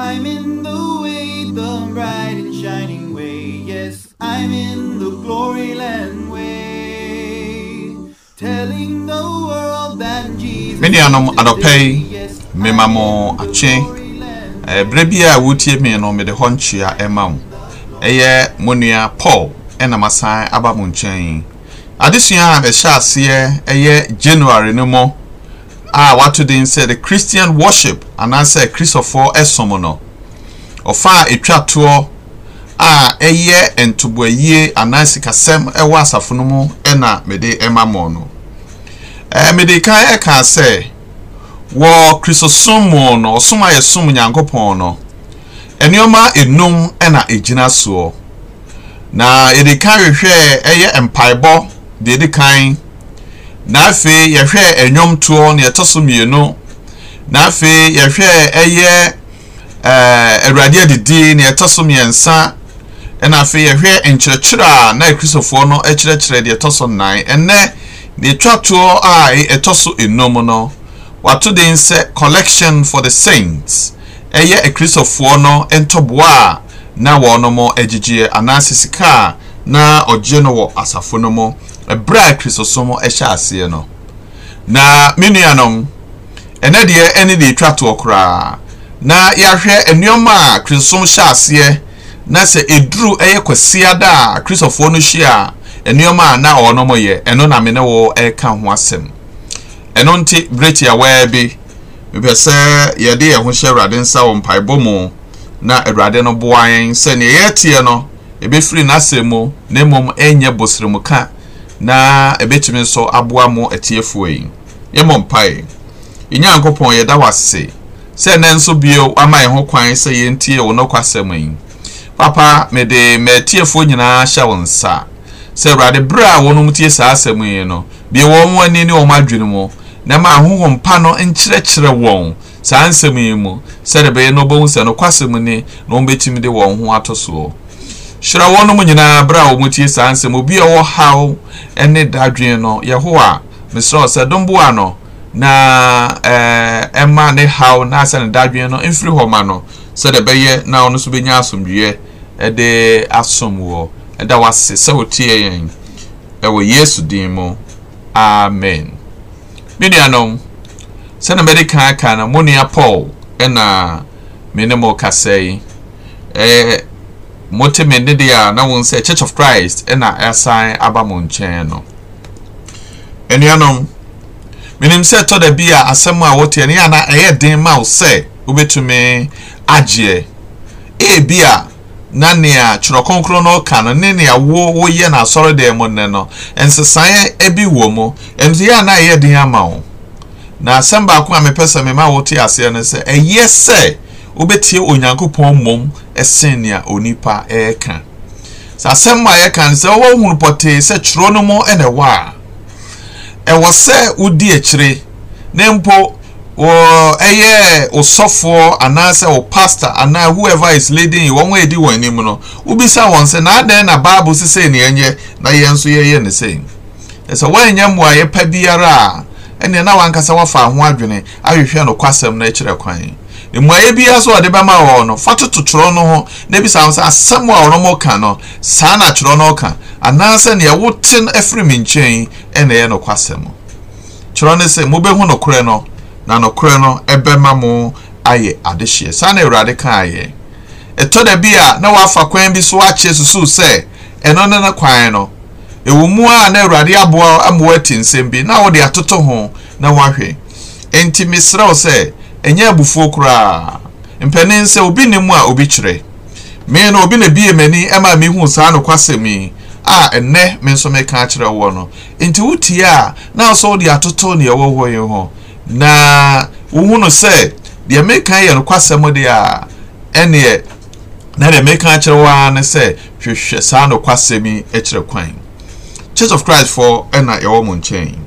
I'm in the way, the bright and shining way. Yes, I'm in the glory land way. Telling the world that Jesus. Many Medianum Adope, Memamo Ache. Ɛberɛ bi a wotie me no me de nkyia ɛma wo ɛyɛ mo paul ena masan aba mo nkyɛn adesua a ɛhyɛ aseɛ ɛyɛ january no mu a wato din sɛ the christian worship anaasɛ kristofoɔ ɛsom no ɔfa a etwa toɔ a ɛyɛ ntoboayie anaa sikasɛm ɛwɔ asafo no mu ɛna mede ɛma mɔ no ɛɛ mede kan ɛka sɛ wɔ kristosom mu no ɔsom a yɛsom nyankopɔn no nneɛma enum ɛna egyina soɔ na yɛde kan hwehwɛ ɛyɛ mpaebɔ deɛ yɛde kan na afei yɛhwɛ ɛnwomtoɔ na yɛtɔ so mmienu na afei yɛhwɛ ɛyɛ ɛɛ eh, awurade adidi na yɛtɔ so mmiɛnsa ɛna afei yɛhwɛ nkyerɛkyerɛ a na akristofoɔ no kyerɛkyerɛ deɛ ɛtɔ so nnan ɛnɛ deɛ etwa toɔ a ɛtɔ so enum no wato den sɛ collection for the saints ɛyɛ akristofoɔ no ntɔboa a na wɔn mo agyegyeɛ anaasɛ sika a na ɔgye no wɔ asafo no mu. ɛberɛ a kristosom ɛhyɛ aseɛ no na me nuanom ɛnɛ deɛ ɛne deɛ ɛtwa toɔ koraa na yɛahwɛ nneɛma a kristosom hyɛ aseɛ na sɛ ɛduru ɛyɛ kwasea da a kristofoɔ no hyia nneɛma a na ɔnom yɛ ɛno na me wɔ ɛreka ho asɛm ɛno nti berɛkyi a bi mepɛ sɛ yɛde yɛn ho hyɛ awurade nsa wɔ mpaebɔ mu na awurade no boa yɛn sɛnea yɛteɛ no ɛbɛfiri n'asɛm mu na mmom ɛnyɛ boseremu ka na ebetumi nso aboa mo atiefoɔ yi yɛmmɔ mpae nyankopɔn yɛda wase sɛ ɛnɛ nso bio ama yɛn ho kwan sɛ yɛntie wo nokwasɛm yi papa mede maatiefoɔ nyinaa hyɛ wo nsa sɛ awurade berɛ a wɔnom tie saa asɛm yi no bia wɔn ani ne wɔn adwene mu na ma ahohom pa no nkyerɛkyerɛ wɔn saa nsɛm yi mu sɛdeɛ bɛyɛ no wɔbɛhu sɛ nokwasɛm ni na wɔn bɛtumi de wɔn ho ato soɔ hyira wɔn no mu nyinaa bere a wɔn tie saa nsɛm obi a ɔwɔ haw ne dadwin no yehowa mesrɛ sɛ domboa no na ɛɛ eh, ɛma ne haw na asɛ ne dadwin no mfiri hɔ ma no sɛdeɛ ɛbɛyɛ na ɔno nso bɛnya asomdwie ɛde asom wɔ ɛda wase sɛ wɔtie yɛn ɛwɔ yesu din mu amen me nuanom sɛdeɛ mɛde kan aka no mo nua paul ɛna me ne mo kasa yi ɛɛ. motemi ne deɛ a na wɔn sɛ church of christ ɛna e ɛsan aba mo nkyɛn no anuanom menim sɛ ɛtɔ da bi a asɛm a wɔte ne ana ɛyɛ den ma wo sɛ wobɛtumi agyeɛ e bi a na nea twerɛ kronkron no ɔka no ne nea wo woyɛ no asɔredan mu nnɛ no nsesaeɛ bi wɔ mu ɛnti yɛ ana ɛyɛ den ama wo na asɛm baako a mepɛ sɛ mema wote aseɛ no sɛ ɛyɛ sɛ wobɛtie onyankopɔn mmom ɛsen nea onipa ɛreka sɛ asɛm a yɛka no sɛ wɔwɔ hunu pɔtee sɛ kyerɛ no mu ɛna ɛwɔ a ɛwɔ sɛ wodi akyire ne mpo wɔ ɛyɛ osɔfoɔ anaasɛ o pastor anaa whoever is leading you wɔn a yɛdi wɔn anim no wobisa wɔn sɛ n'adan na baabu sise ne yɛnyɛ na yɛn nso yɛyɛ ne sɛn ɛsɛ wɔnyɛ mmoa yɛpɛ biara a ɛnna na wankasa wafa ho adwene ahwehwɛ no kwasɛm na ɛkyerɛ kwan. mmuaeɛ biara nso ɔde bɛma wɔ no fa toto twerɛ no ho na ebi ho sɛ asɛm a ɔno mo ka no saa na twerɛ no ka anaasɛ neɛ wote no afiri me nkyɛn ɛna ɛyɛ nokwasɛm twerɛ no sɛ mobɛhu nokorɛ no na nokorɛ no ɛbɛma mo ayɛ adehyeɛ saa na awurade kaayɛ ɛtɔ da bi a na wafa kwan bi so akyɛ susu sɛ ɛno ne no kwan no ɛwɔ mu a na awurade aboa amoa ati nsɛm bi na wode atoto ho na woahwɛ enti mesrɛ wo sɛ ɛnyɛ abufuo koraa mpanyin sɛ obi ne mu a obi kyerɛ me no obi na bie m'ani ɛma mehu saa nokwasɛm yi a ɛnɛ me nso meka akyerɛ wɔ no nti wutie a na nso wode atoto neɛ ɛwɔ hɔ yi ho na wohu no sɛ deɛ meka yɛ nokwasɛm deɛ a ɛneɛ na deɛ meka akyerɛ wɔ ara ne sɛ hwehwɛ saa nokwasɛm yi akyerɛ kwan church of christ fɔ ɛna ɛwɔ mu nkyɛn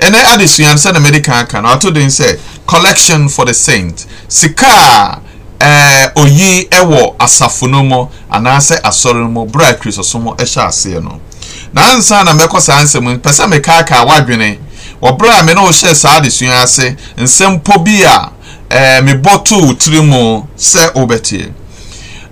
ɛnɛ adesua nsa na mɛde kan kan ato den sɛ collection for the saint sika ɛɛ oyi ɛwɔ asafo no mu anaasɛ asɔre no mu bere a kristoso mu ɛhyɛ aseɛ no nansa na mɛkɔ saa nsɛm pɛ sɛ mɛkaakaa wadwene wɔbere a mɛ na ɔhyɛ saa adesua ase nsɛmpo bi a ɛɛ mebɔ too tiri mu sɛ ɔbɛtie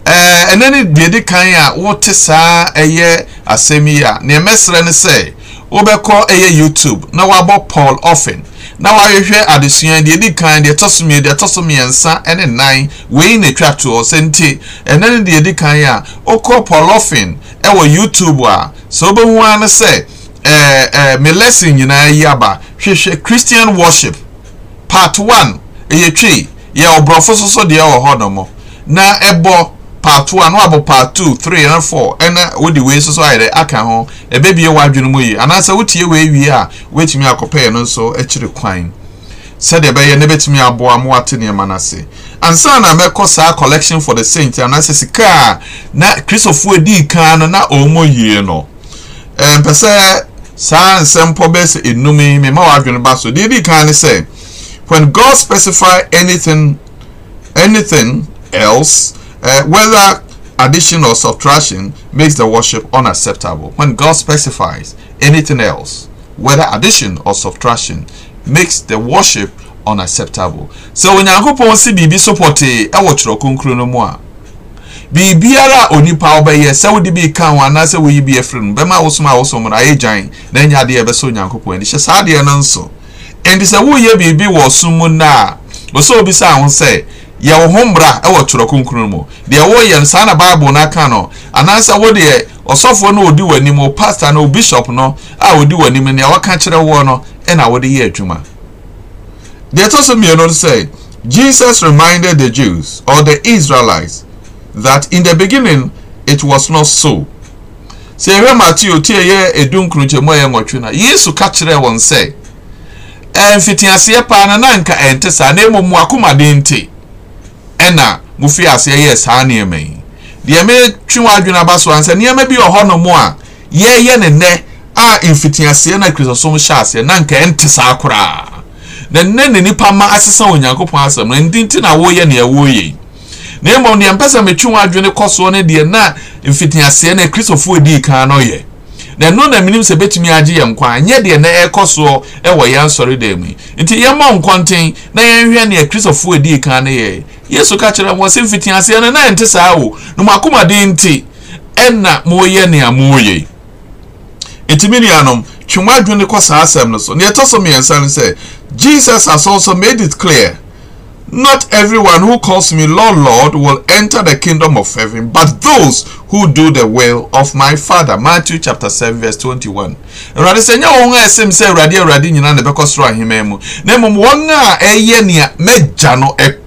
ɛɛ ɛnɛ ne deɛ di kan a wɔte saa ɛyɛ asɛm yi a nea mɛsrɛ ne sɛ wobɛkɔ ɛyɛ youtube na wabɔ paul offin na wahwehwɛ adesua deɛ di kan deɛ ɛtɔ so mmienu deɛ ɛtɔ so mmiɛnsa ne nan wei na atwa toɔ sɛ nti ɛnɛ ne deɛ di kan a okɔ paul offin ɛwɔ youtube a sɛ wobɛhu ara ne sɛ ɛɛ ɛɛ me lesson nyinaa yi aba hwehwɛ christian worship part one ɛyɛ twi yɛ ɔborɔfo soso deɛ ɛwɔ hɔ nom na ɛbɔ part two ano abɔ part two three and four ɛna wodi wei nso so ayɛ dɛ aka ho ɛbɛ bie wadwene mu yi anaasɛ wotie uh, wei wie a woatumi akɔpɛ no nso akyire kwan sɛdeɛ ɛbɛyɛ ne bɛtumi aboa mo ate nneɛma no ase ansa na mɛkɔ saa collection for the saint anaasɛ sika a na kristofoɔ dii kan no na ɔmmɔ oh, yie no mpɛ sɛ saa nsɛm pɔ bɛyɛ sɛ enum yi mema wadwene ba so deɛ dii kan ne sɛ when god specify anything anything else Uh, whether addition or subtraction makes the worship unacceptable. When God specifies anything else, whether addition or subtraction makes the worship unacceptable. So when onyankopɔn si biribi so pɔtee ɛwɔ twerɛ konkro no mu a biribiara a onipa ɔbɛyɛ sɛ wode bi ka ho anaasɛ woyi bi afiri no bɛma wosom a wosom no ayɛ gyan na ɛnyɛ adeɛ ɛbɛsɛ onyankopɔn ani hyɛ saa adeɛ no nso ɛnti sɛ woyɛ biribi wɔ som mu no a wɔ sɛ obisa ho sɛ yɛwɔ ho mbra ɛwɔ twerɛ kronkron mu deɛ wɔyɛ no saa na bible no no anaasɛ wo deɛ ɔsɔfoɔ no odi w'anim o pastor no o bishop no a odi w'anim nea wɔka kyerɛ wɔn no ɛna wɔde yɛ adwuma deɛ ɛtɔ so mmienu no sɛ jesus reminded the jews or the israelites that in the beginning it was not so sɛ ɛhwɛ matthew tie yɛ edu a yɛ nwɔtwe na yesu ka kyerɛ wɔn sɛ ɛnfitiaseɛ paa na nanka ɛnte saa na mmom wakomaden nte ɛna mofi aseɛ yɛ saa nneɛma yi deɛ metwe wɔ adwene aba so ansa nneɛma bi wɔ a yɛyɛ ne nnɛ a mfitiaseɛ na kristosom hyɛ na nka ɛnte saa koraa na nne ne nipa ma asesa onyankopɔn asɛm na ndinti na nea na mmom adwene kɔ soɔ deɛ na mfitiaseɛ na kristofoɔ dii kan no yɛ na ɛno na menim sɛ betumi agye yɛn nkwa na soɔ ɛwɔ yɛn asɔre nti nkɔnten na nea kan no yesu ka kyerɛ wɔn sɛ mfiti aseɛ no na nte saa o na mo akomaden nti ɛna moyɛ nea moyɛ ɛtumi nuanom twem adwene kɔ saa asɛm no so nea ɛtɔ so mmiɛnsa no sɛ jesus has also made it clear not everyone who calls me lord lord will enter the kingdom of heaven but those who do the will of my father matthew chapter seven verse twenty-one awurade sɛ nyɛ wɔn a ɛsɛm sɛ awurade awurade nyinaa na ɛbɛkɔ soro ahemman mu na mmom wɔn a ɛyɛ nea mɛgya no ɛkɔ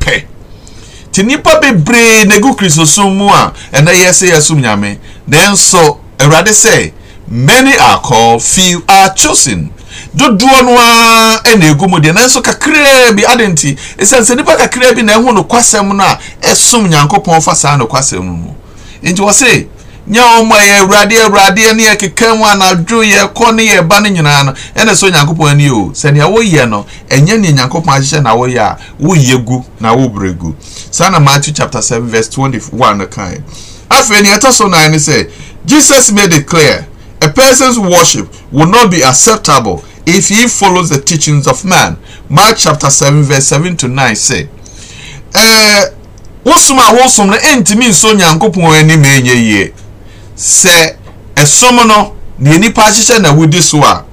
nti nnipa bebree na egu kristosom mu a ɛnna yɛ sɛ yɛsom nyame nanso awurade sɛ many are called few are chosen dodoɔ no ara na egu mu deɛ nanso kakraa bi adi nti esan sɛ nipa kakraa bi na ɛho no kwasɛm no a ɛsom nyankopɔn fa saa no kwasɛm no nti wɔ sɛ nyɛ wɔn a yɛ awurade awurade ne yɛ keka mu anadwo yɛ kɔ ne yɛ ba ne nyinaa no ɛna so nyankopɔn ani o sɛnea woyɛ no ɛnyɛ nea nyankopɔn ahyehyɛ na woyɛ a woyɛ gu na wobere gu saa na matthew chapter seven verse twenty-one kan afei nea ɛtɔ so nan ne sɛ jesus made it clear a person's worship will not be acceptable if he follows the teachings of man mark chapter seven verse seven to nine sɛ ɛɛ eh, wosom a wosom no ɛntumi nso nyankopɔn anim ɛnyɛ yie. sɛ ɛsom no na nipa ahyehyɛ na wodi so a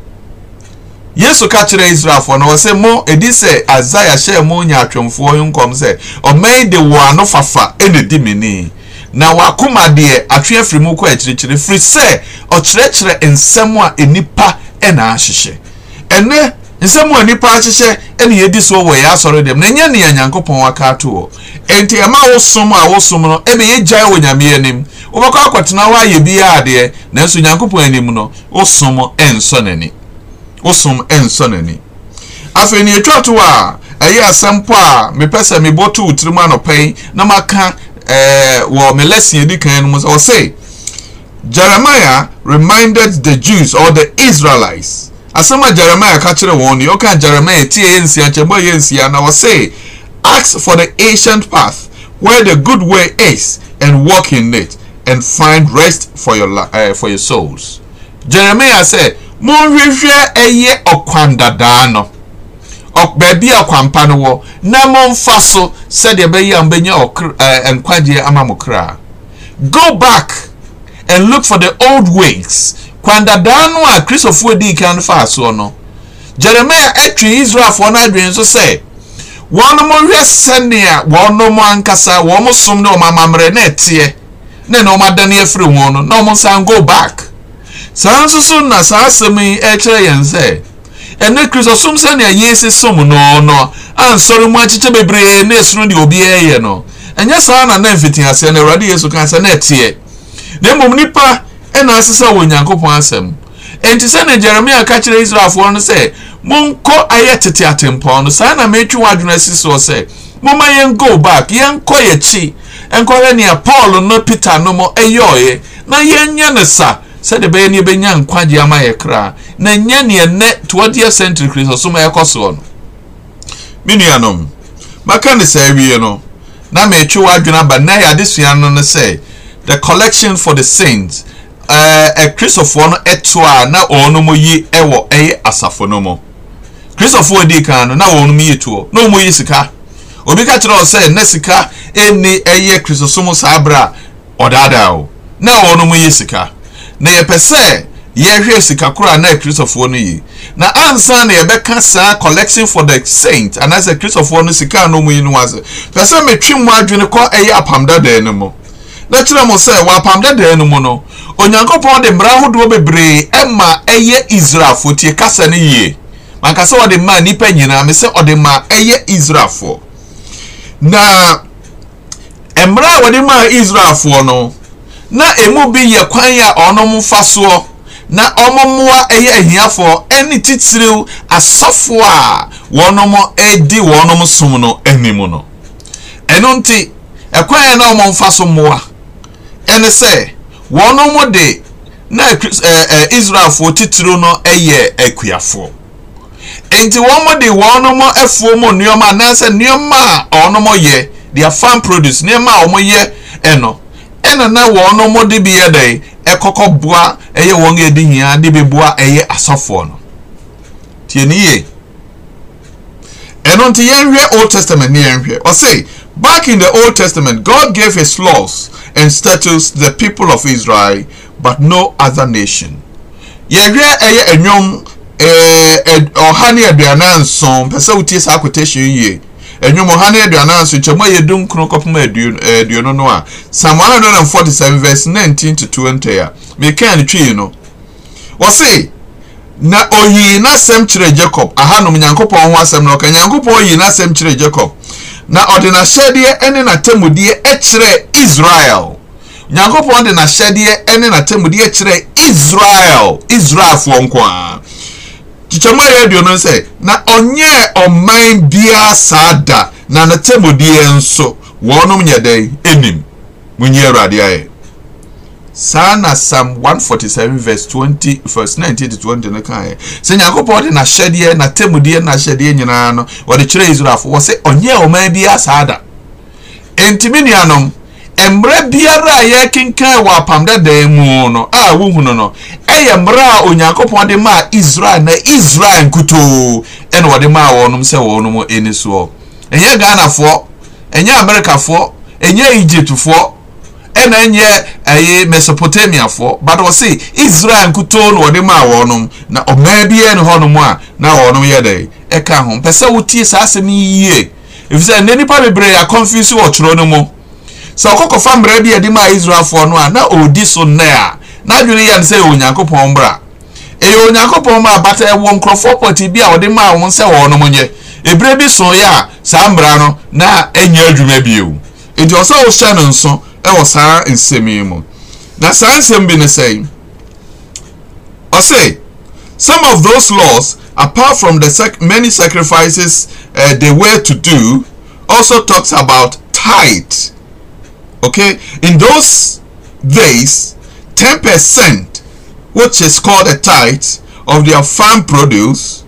yesu ka kyerɛ israelfoɔ no wɔsɛ mo ɛdi sɛ asaia hyɛɛ mo nyaatwomfoɔ yi nkɔm sɛ ɔman de wɔn ano fafa ɛna di na wakoma deɛ atwe afiri mu kɔ akyirikyiri firi sɛ ɔkyerɛkyerɛ nsɛm a nipa ɛna ahyehyɛ ɛnɛ nsɛm a nipa ahyehyɛ ɛna yɛdi so wɔ yɛ asɔre dɛm na nyɛ nea nyankopɔn ato wɔ a no wɔ nyame wobɛkɔ akɔtena hɔ ayɛ biara adeɛ nanso nyankopɔn anim no wosom nsɔ n'ani wosom nsɔ n'ani afei ne etwa to a ɛyɛ asɛm po a mepɛ sɛ mebɔ to tirim anɔpɛ na maka ɛɛ eh, wɔ me edi kan no mu sɛ ɔse jeremiah reminded the jews or the israelites asɛm a jeremiah ka kyerɛ wɔn ni ɔka jeremiah tie yɛ nsia nkyɛnbɔ yɛ nsia na ɔse ask for the ancient path where the good way is and walk in it and find rest for your uh, for your souls. Jeremiah said, "Monhwehwɛ ɛyɛ ɔkwan dadaa no. Baabi a kwampa no wɔ na momfa so sɛdeɛ ɛbɛyɛ a mbɛnya ɔkra ɛɛ nkwagyeɛ ama mo kra. Go back and look for the old ways. Kwan dadaa no a Kristofoɔ di kan fa soɔ no. Jeremiah ɛtwe Israelfoɔ no adwene nso sɛ wɔn mo hwɛ sɛnea wɔn mo ankasa wɔn som ne wɔn amammerɛ na ɛteɛ na na wɔn adane afiri wɔn no na wɔn san go back saa nso so na saa asɛm yi ɛkyerɛ yɛn sɛ ɛnɛ kristo som sɛnea yesu som no no ansɔre mu akyekyɛ bebree na esuno deɛ obiara yɛ no ɛnyɛ saa na na mfitin aseɛ na awurade yesu kan sɛ na ɛteɛ na mmom nipa ɛna asesa wɔ nyankopɔn asɛm ɛnti sɛnea jeremia ka kyerɛ israelfoɔ no sɛ monkɔ ayɛ tete atempɔn no saa na metwi wɔn adwene asi soɔ sɛ momma yɛn go back yɛn kɔ yɛkyi nkɔhwɛ nea paul no peter no mo ɛyɛ ɔyɛ na yɛnyɛ ne sa sɛde bɛyɛ ne yɛbɛnya nkwagye ama yɛ kra na nyɛ ne ɛnɛ twɔdeɛ century kristosom ɛkɔ soɔ no me nuanom maka ne saa awie no na meretwe w'adwene aba na yɛ adesua no no sɛ the collection for the saints kristofoɔ eh, eh, no ɛto a na wɔn mo yi ɛwɔ ɛyɛ asafo no mu kristofoɔ di kan no na wɔn mo yi toɔ na wɔn mo yi sika obi ka kyerɛ ɔsɛ ne sika ɛni ɛyɛ kristosom saa abira ɔdaadaa o na wɔn mo yɛ sika na yɛpɛ sɛ yɛhwɛ sika koro a na kristofoɔ no yi na ansa na yɛbɛka saa collection for the saint anaasɛ kristofoɔ no sika a na wɔn yi no ase pɛ sɛ metwi mu adwene kɔ ɛyɛ apam dadaa no mu na kyerɛ mo sɛ wɔ apam dadaa no mu no onyankopɔn de mmara ahodoɔ bebree ɛma ɛyɛ israelfoɔ tie kasa no yie mankasa ɔde maa nipa nyinaa mesɛ ɔde maa ɛyɛ israelfoɔ na mmerɛ a wɔde maa israelfoɔ no na emu bi yɛ kwan a ɔnom fa soɔ na ɔmommoa yɛ ahiafoɔ ɛne titiriw asɔfoɔ a wɔnom ɛdi wɔnom som no anim no ɛno nti a na wɔn mfa so mmoa ɛne sɛ wɔnom de na israelfoɔ titiriw no yɛ akuafoɔ nti wɔn mo de wɔn mo afuo mu nneɛma anaasɛ nneɛma a wɔn mo ye their farm produce nneɛma a wɔn yɛ eno ɛna na wɔn mo de bi yɛ dɛ ɛkɔkɔ boa ɛyɛ wɔn yɛ di nyinaa de bi boa ɛyɛ asɔfoɔ no tie ne yie nti yɛnhwɛ old testament ne yɛnhwɛ say back in the old testament god gave his laws and statutes to the people of israel but no other nation yɛhwɛ ɛyɛ ɛnwom. ɔha eh, eh, ne aduane nson pɛ sɛ wotie saa quotation yie ɛnwom ɔha ne aduane nson kyɛ mo ayɛ dum nkron kɔpem eh, aduonu no a psalm one hundred and forty seven verse nineteen to twenty a mekan ne twi no wɔse na oyii n'asɛm kyerɛ jacob ahanom nyankopɔn ho asɛm na ɔka nyankopɔn oyii n'asɛm kyerɛ jacob na ɔde n'ahyɛdeɛ ne n'atamudeɛ kyerɛ israel nyankopɔn de n'ahyɛdeɛ ne n'atamudeɛ kyerɛ israel israelfoɔ nko ara kyikyɛmu ayɛ aduonu sɛ na onye ɔman biara saa da na n'atɛmudeɛ nso wɔnom nyɛ dɛn enim mo nyi awurade ayɛ saa na psalm one forty seven verse twenty verse nineteen to twenty no kan yɛ na nyankopɔn de n'ahyɛdeɛ n'atɛmudeɛ n'ahyɛdeɛ nyinaa no wɔde kyerɛ israelfo wɔ sɛ ɔnyɛ ɔman biara saa da ntumi nuanom. E mmerɛ biara a yɛkenkan wɔ apamdadan mu no a wohunu no ɛyɛ e mmerɛ a onyankopɔn de maa israel na israel nkutoo e ɛna wɔde maa wɔnom sɛ wɔnom ani soɔ ɛnyɛ ghanafoɔ ɛnyɛ amerikafoɔ ɛnyɛ egyptfoɔ ɛna ɛnyɛ ɛyɛ mesopotamiafoɔ but israel nkutoo na wɔde maa wɔnom na ɔbaa biara ne hɔnom a na wɔnom yɛ dɛ ho wotie saa asɛm yie efisɛ bebree wɔ sɛ ɔkɔkɔfa mmerɛ bi yɛde maa israelfoɔ no a na ɔredi so nnɛ a n'adwene yɛ no sɛ ɛyɛ onyankopɔn mmra ɛyɛ onyankopɔn mmra bata ɛwɔ nkurɔfoɔ pɔte bi a ɔde maa wɔn sɛ wɔnom nyɛ ebire bi so yɛ a saa mmara no na ɛnyɛ adwuma bio nti ɔsɛ ɔhyɛ no nso ɛwɔ saa nsɛm yi mu na saa nsɛm bi ne sɛ ɔsɛ some of those laws apart from the sac many sacrifices uh, they were to do also talks about tithe Okay, in those days, 10%, which is called a tithe of their farm produce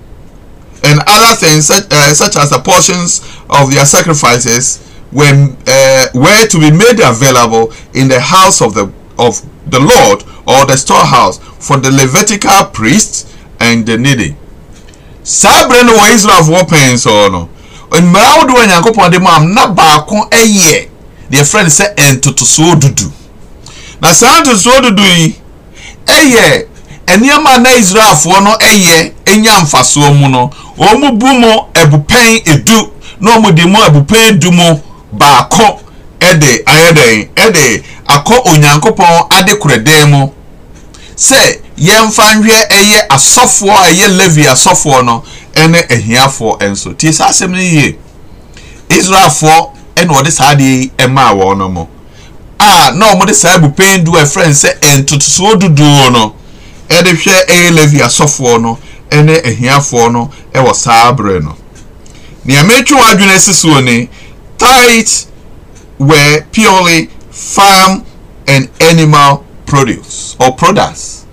and other things such, uh, such as the portions of their sacrifices when uh, were to be made available in the house of the of the Lord or the storehouse for the Levitical priests and the needy. saa bere no wɔ israelfoɔ pɛn sɔɔ no mmara ahodoɔ nyankopɔn de mu am na baako yɛ deɛ frɛ no sɛ ntotosoɔ dudu na saa ntotosoɔ dudu yi ɛyɛ nneɛma na israelfoɔ no ɛyɛ enya mfasoɔ mu no wɔn bu mu ɛbupɛn edu na wɔn de mu ɛbupɛn du mu baako ɛde ayɛ dɛn ɛde akɔ onyankopɔn adekorɛdɛn mu sɛ yɛmfa nhwɛ ɛyɛ asɔfoɔ a ɛyɛ levi asɔfoɔ no ɛne ahiafoɔ nso tie saa asɛm no yie israelfoɔ ɛna wɔde saa adeɛ yi maa wɔn no mo a na wɔde saa bupen do ɛfrɛ nsɛ ntotosoɔ dodoɔ no ɛde hwɛ ɛyɛ levi asɔfoɔ no ɛne ahiafoɔ no ɛwɔ saa abere no nea metwi wɔn adwene si soɔ ne Tight, were purely farm and animal produce or products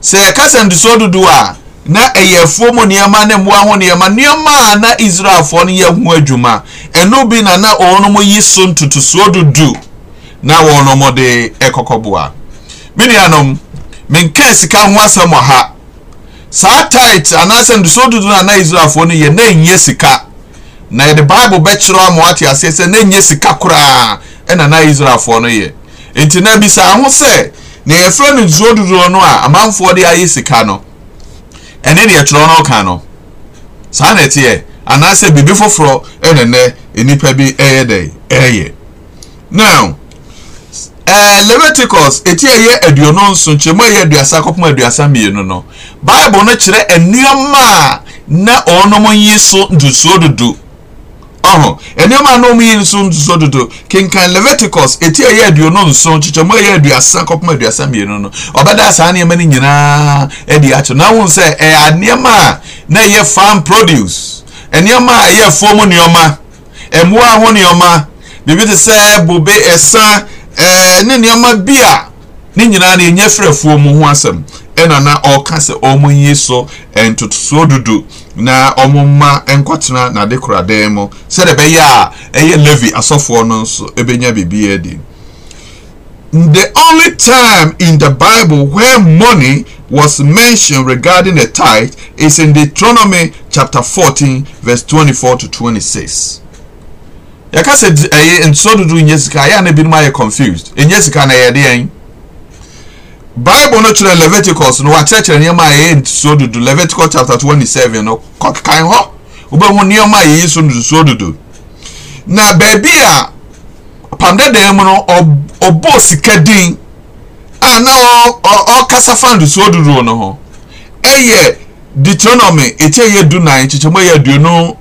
sɛ ɛka sɛ ntotosoɔ dodoɔ a. na ɛyɛ afuo mu nneɛma ne mmoa ho nneɛma nneɛma a na israelfoɔ no yɛ ho adwuma ɛno bi na na wɔn yi so ntotosoɔ dudu na wɔn de ɛkɔkɔboa me nuanom menka sika ho asɛm wɔ ha saa tait anaasɛ ntotosoɔ dudu na na israelfoɔ no yɛ na nye sika na yɛde bible bɛkyerɛ ama wate aseɛ sɛ na nye sika koraa ɛna na israelfoɔ no yɛ nti na bisa ho sɛ na yɛfrɛ no ntotosoɔ dudu no a amanfoɔ de ayɛ sika no ɛne deɛ twerɛ no ɔka no saa na ɛteɛ anaasɛ biribi foforɔ ɛna nɛ nipa bi ɛyɛ dɛ ɛyɛ now ɛɛ uh, leviticus eti ɛyɛ aduonu nso nkyɛn mu ɛyɛ aduasa kɔpem aduasa mmienu no bible no kyerɛ nneɛma a na ɔnom yi so ndusuo dodo ɔho ɛnnoɔma a na ɔmu yi nso nso dodo kenkan leviticus ɛti ɛyɛ aduono nso kyekyɛmu ɛyɛ aduasa kɔpem aduasa mmienu no ɔbɛda saa nneɛma no nyinaa adi atụ na wohu sɛ ɛyɛ e, nneɛma a na ɛyɛ farm produce nneɛma a ɛyɛ afuo mu nneɛma ahụ ho nneɛma biribi te sɛ bobe ɛsa e, ɛɛ e, ne nneɛma bi a ne nyinaa no ɛnyɛ hụ afuo ɛna na ɔka sɛ ɔmo yi so ntotosoɔ dodo na ɔmo mma nkɔtena n'adekoradan mu sɛdeɛ ɛbɛyɛ a ɛyɛ levi asɔfoɔ no nso ɛbɛnya biribi adi the only time in the bible where money was mentioned regarding the tithe is in deuteronomy chapter fourteen verse twenty-four to twenty-six yɛka sɛ ɛyɛ ntotosoɔ dodo nyɛ ya ayɛ a na ebinom confused enyɛ sika na yɛde yɛn. bible no kyerɛ leviticus no wakyerɛkyerɛ nneɛma a ɛyɛ nsuo dudu leviticus chapter twenty seven no kɔkan hɔ wobɛhu nneɛma a yɛyi so dudu na baabi a pam dedan mu no ɔbɔ sika din a na ɔkasa fa nsuo dudu no ho ɛyɛ deuteronomy eti ɛyɛ du nan kyekyɛmu ɛyɛ aduonu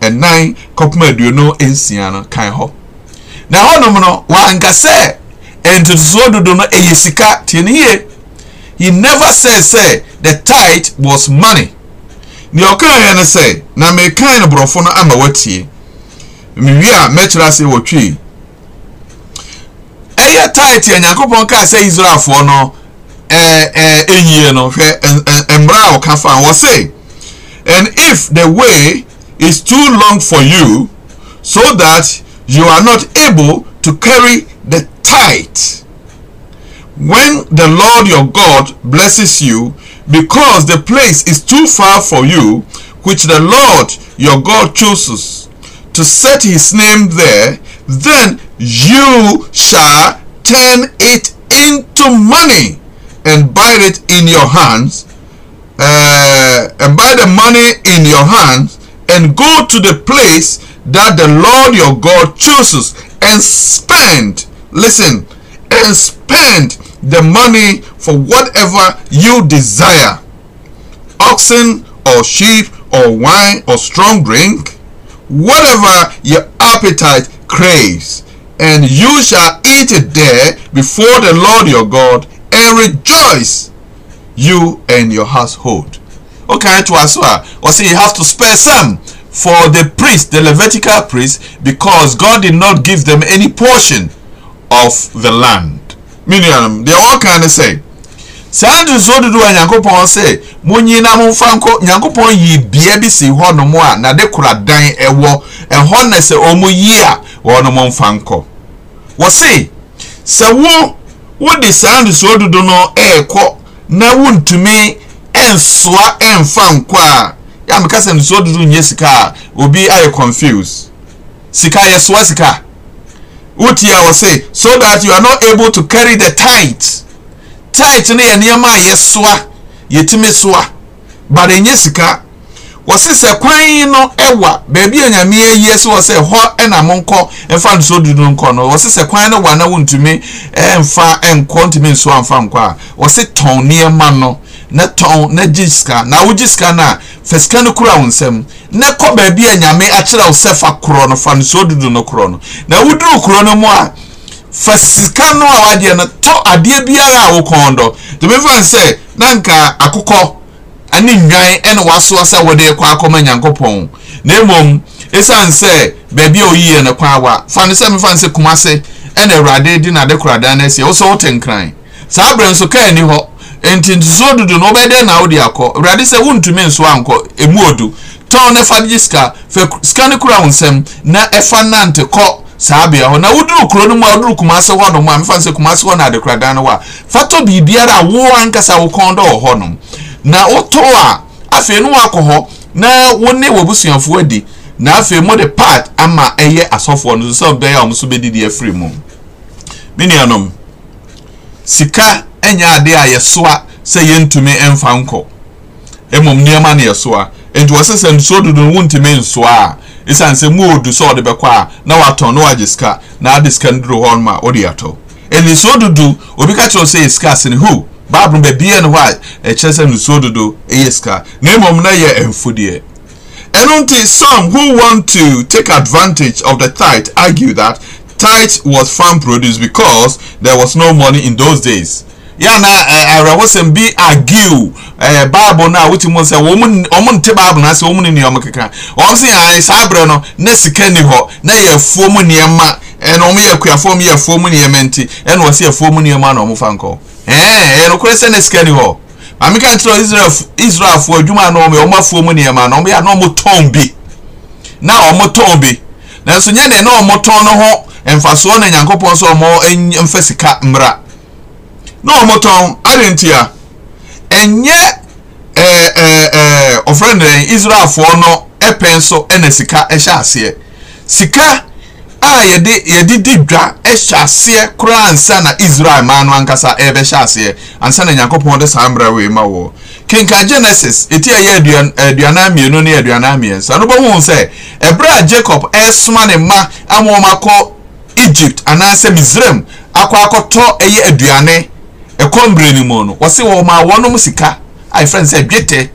ɛnan kɔpem aduonu nsia no kan hɔ na hɔnom no wankasɛ ntotosoɔ dodo no ɛyɛ eh, sika tie ne yie he never said sɛ the tithe was money deɛ ɔkaa yɛ no sɛ na mekan no borɔfo no ama watie mewie a mɛkyerɛ ase wɔtwee ɛyɛ tithe a nyankopɔn kaa sɛ israelfoɔ no ɛyie eh, eh, no hwɛ mmara a wɔka fa wɔ se and if the way is too long for you so that you are not able to carry the tithe when the Lord your God blesses you, because the place is too far for you, which the Lord your God chooses to set his name there, then you shall turn it into money and buy it in your hands, uh, and buy the money in your hands, and go to the place that the Lord your God chooses and spend listen, and spend the money for whatever you desire oxen or sheep or wine or strong drink, whatever your appetite craves, and you shall eat it there before the Lord your God and rejoice, you and your household. Okay, to us uh, well. Or see, you have to spare some for the priest, the Levitical priest, because God did not give them any portion. of the land menuanom all kind of say. saa ntosuo dodoɔ a nyankopɔn sɛ monyi na momfa nkɔ nyankopɔn yi bea bi si hɔnom a nade kora dan ɛwɔ ɛhɔ na sɛ ɔmo yi a wɔnom mfa nkɔ wɔse sɛ wo wode saa ntosuo dodo no ɛɛkɔ na wontumi ɛnsoa ɛnfa nkɔ a yɛ ameka sɛ ntosuo dodo nyɛ sika a obi ayɛ confuse sika yɛ soa sika wotia wɔ say so that you are not able to carry the tight tight no yɛ nneɛma a yɛsoa yɛtumi soa but ɛnyɛ sika wɔsi sɛ kwan no ɛwa beebi a nyame ayie so wɔ sɛ hɔ ɛna mo nkɔ ɛfa nsuo dudu nkɔ no wɔsi sɛ kwan no wa na wɔntumi ɛnfa ɛnkɔ ntumi nsuo anfa nkɔ a wɔsi tɔn nneɛma no ne tɔn ne gye sika na wogye sika no a fɛ sika no kura wo nsam na kɔ baabi a nyame akyerɛ wo sɛ fa korɔ no fa nsuo dudu no korɔ no na woduru korɔ no mu a fa sika no a wadeɛ no tɔ adeɛ biara a wokɔn dɔ tɛmɛfa n sɛ na akokɔ ne nnwan ne wasoa sɛ wɔde kɔ akɔma nyankopɔn na mmom ɛsiane sɛ baabi a oyiɛ no kwan wa fa no sɛ mefa no kumase ɛna awurade di n'adekoradan no asi wo sɛ wote nkran saa berɛ nso kaa ni hɔ nti ntusuo dudu na ɔbɛyɛ dɛn na wode akɔ awurade sɛ ntumi nso ankɔ emu odu tɔn ne dị gye sika fɛ sika ne kura wo nsɛm na ɛfa nante kɔ saa bea hɔ na woduru kuro no mu a woduru kumase hɔ nom a mefa sɛ kumase hɔ na adekoradan no hɔ a fa biribiara a wo ankasa wo kɔn dɔ wɔ hɔ nom na wotɔ a afei no wakɔ hɔ na wo ne w'abusuafoɔ adi na afei mo de part ama ɛyɛ asɔfoɔ no so sɛ ɔbɛyɛ a wɔn nso bɛdidi afiri mu sika ɛnyɛ adeɛ a yɛsoa sɛ yɛntumi mfa nkɔ mmom nneɛma na yɛsoa nti wɔsɛ sɛ nsuo dodo no wontumi nsoa a ɛsiane sɛ mu odu sɛ ɔde bɛkɔ a na watɔn na wagye sika na ade sika no duro hɔ nom a wɔde atɔ ɛni nsuo dodo obi ka kyerɛ sɛ yɛ sika ase ne hu baabul baabiɛ no hɔ a ɛkyerɛ sɛ nsuo dodo ɛyɛ sika na mmom na yɛ mfudeɛ ɛno nti some who want to take advantage of the tithe argue that tithe was farm produce because there was no money in those days ya na eh, awerɛhosɛm bi agiw eh, bible no a wotumi sɛ ɔmo nte bible no ɔmo ne saa berɛ no na sika ni hɔ na yɛ mu nneɛma ɛna ɔmo yɛ akuafoɔ mu yɛ mu nti ɛna ɔsi mu nneɛma na ɔmo fa nkɔ ɛyɛ nokorɛ sɛ na sika ni hɔ maame kan israel adwuma na ɔmo ɔmo afuo mu bi na ɔmo bi na ɔmo tɔn na na wɔn tɔn adi ntia ɛnyɛ ɛɛ ɛɛ ɛɛ ɔfrɛ no yɛn israelfoɔ no ɛpɛ nso ɛna sika ɛhyɛ aseɛ sika a yɛde yɛde di dwa ɛhyɛ aseɛ koraa ansa na israel maa no ankasa ɛbɛhyɛ aseɛ ansa na nyankopɔn de saa mmerɛ wei ma wɔ kenkan genesis eti ɛyɛ aduan aduanan mmienu ne aduanan mmiɛnsa no bɛhu sɛ ɛbrɛ a jacob ɛsoma ne mma ama wɔn akɔ egypt anaasɛ misraim akɔ akɔtɔ ɛyɛ aduane ɛkɔn bere ni mu no wɔsi wɔn ma wɔnom sika a efra nsɛ dwetɛ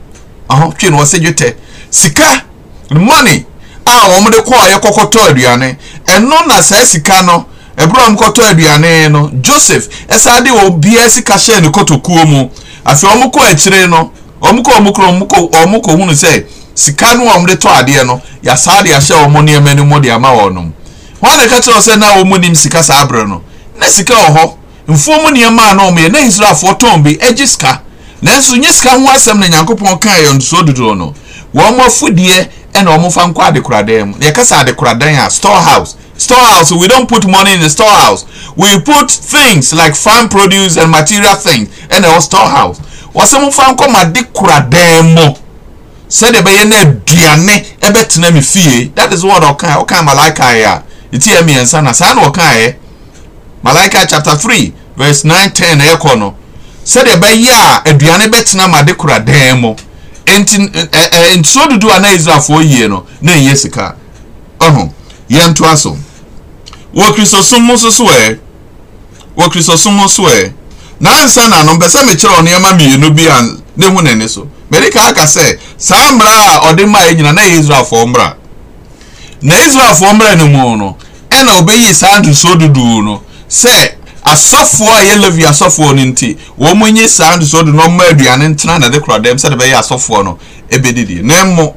ɔhɔn twi na wɔsi dwetɛ sika mɔni a wɔn de kɔ ayɛ kɔkɔ tɔ aduane ɛno na sɛ sika no ɛbura wɔn kɔtɔ aduane no joseph ɛsan de wɔn bia sika hyɛ ne kotokuo mu afei wɔn kɔ akyire no wɔn kɔ wɔn kɔ wɔn kɔ hunu sɛ sika no a wɔn de tɔ adeɛ no yasa de ahyɛ wɔn nneɛma no mu de ama wɔn wɔn de ka kyerɛ sɛ na wɔn nim sika saa abere no na sika wɔ hɔ mfuom nneɛma a na wɔn yɛ na israelfoɔ tɔn bi agye sika nanso nye sika ho asɛm na nyankopɔn kaa yɛn nsuo dodoɔ no wɔn afudeɛ ɛna wɔn fa nkɔ adekoradan mu yɛkasa adekoradan a store house store house we don put money in the store house we put things like farm produce and material things ɛna ɛwɔ store house wɔsɛ mo fa nkɔ ma adekoradan mu sɛdeɛ bɛyɛ na aduane ɛbɛtena mi fie that is what ɔkan ɔkan malaka yɛ a eti yɛ mmiɛnsa na saa na ɔkan yɛ malaika chapter three verse nine ten ɛkɔ no sɛdeɛ bɛyɛ a aduane bɛtena ma de kura dan mu nti ɛ ɛ nsuo dodo a na israelfoɔ yie no na nyɛ sika ɔho yɛn to aso wɔ kristosom nso so ɛ wɔ kristosom nso ɛ nansa na no mpɛ sɛ mekyerɛ nneɛma mmienu bi a ne ho n'ani so mɛde ka aka sɛ saa mmara a ɔde maa nyina na yɛ israelfoɔ mmara na israelfoɔ mmara no mu no ɛna ɔbɛyi saa nsuo dodo no. sɛ asɔfoɔ a ɛyɛ asɔfoɔ no nti wɔn nye saa nso de na ɔmo aduane ntena na de kora dɛm sɛ bɛyɛ asɔfoɔ no na mo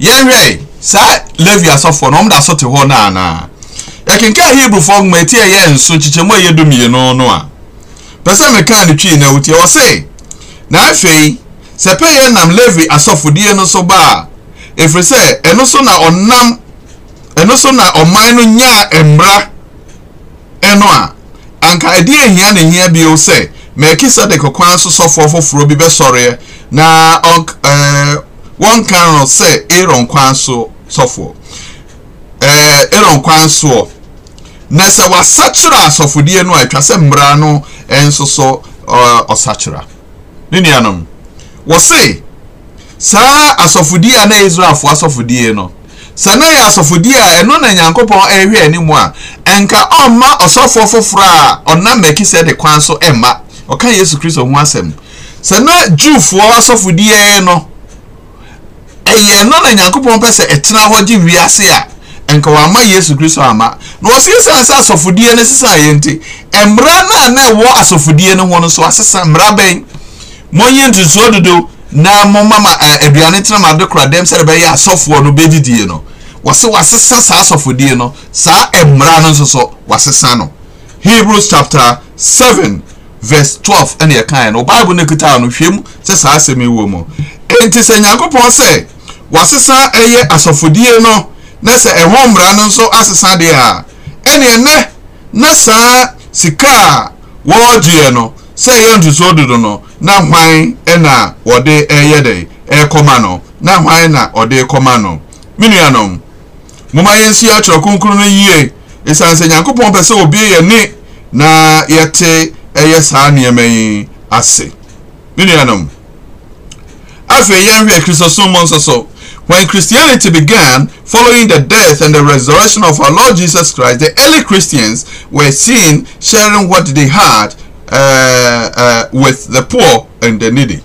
yɛhwɛ saa levi asɔfoɔ no ɔmo da te hɔ eti a ɛyɛ nso kyekyɛmu a ɛyɛ du mmienu no a ne twii na wɔ se na afei yɛ nam levi asɔfodie no so baa sɛ ɛno so na ɔnam ɛno so na ɔman no nyaa mmra ɛno a anka ɛdeɛ ehia ne hia bio sɛ melkisedek kwan so sɔfoɔ foforɔ bi bɛsɔreɛ na ɛɛ wɔnka no sɛ aaron kwan so sɔfoɔ ɛɛ eh, aaron kwan soɔ na sɛ wasakyerɛ asɔfodie no a atwa sɛ mmara no nso so ɔsakyerɛ eh, ne nuanom wɔse saa asɔfodie a na israelfoɔ asɔfodie no sɛ na yɛ asɔfodie a ɛno na nyankopɔn ɛrehwɛ anim a ɛnka ɔmma ɔsɔfoɔ foforɔ a ɔnam melkisedek kwan so ɛmma ɔka yesu kristo ho asɛm sɛ na juufoɔ asɔfodie no ɛyɛ no na nyankopɔn pɛ sɛ ɛtena hɔ gye wiase a nka wama yesu kristo ama na wɔsiesan sɛ asɔfodie no sisan yɛ nti mmara no a na ɛwɔ asɔfodie no ho no so asesa mmara bɛn mɔnyɛ ntutuo dodo na mo mama eh, aduane tena ma de kora dɛm sɛ ɛbɛyɛ asɔfoɔ no bɛdidie no wɔse wasesa saa asɔfodie no saa mmara no nso so wasesa no hebrews chapter seven verse twelve ɛna yɛ kan no bible ne kita no hwɛ sɛ saa asɛm yi wɔ mu nti sɛ nyankopɔn sɛ wasesa ɛyɛ asɔfodie no na sɛ ɛhɔ mmara no nso asesa deɛ a ɛna ɛnɛ na saa sika a wɔregyeɛ no sɛ ɛyɛ ntosoɔ dodo no na hwan na wɔde ɛyɛ dɛ ɛkɔma no na hwan na ɔde kɔma no me nuanom moma yɛnsi atwerɛ kronkron no yie ɛsiane sɛ nyankopɔn pɛ sɛ obie yɛ ne na yɛte ɛyɛ saa nneɛma yi ase me nuanom afei yɛnhwɛ kristosom nso so When Christianity began, following the death and the resurrection of our Lord Jesus Christ, the early Christians were seen sharing what they had uh, uh, with the poor and the needy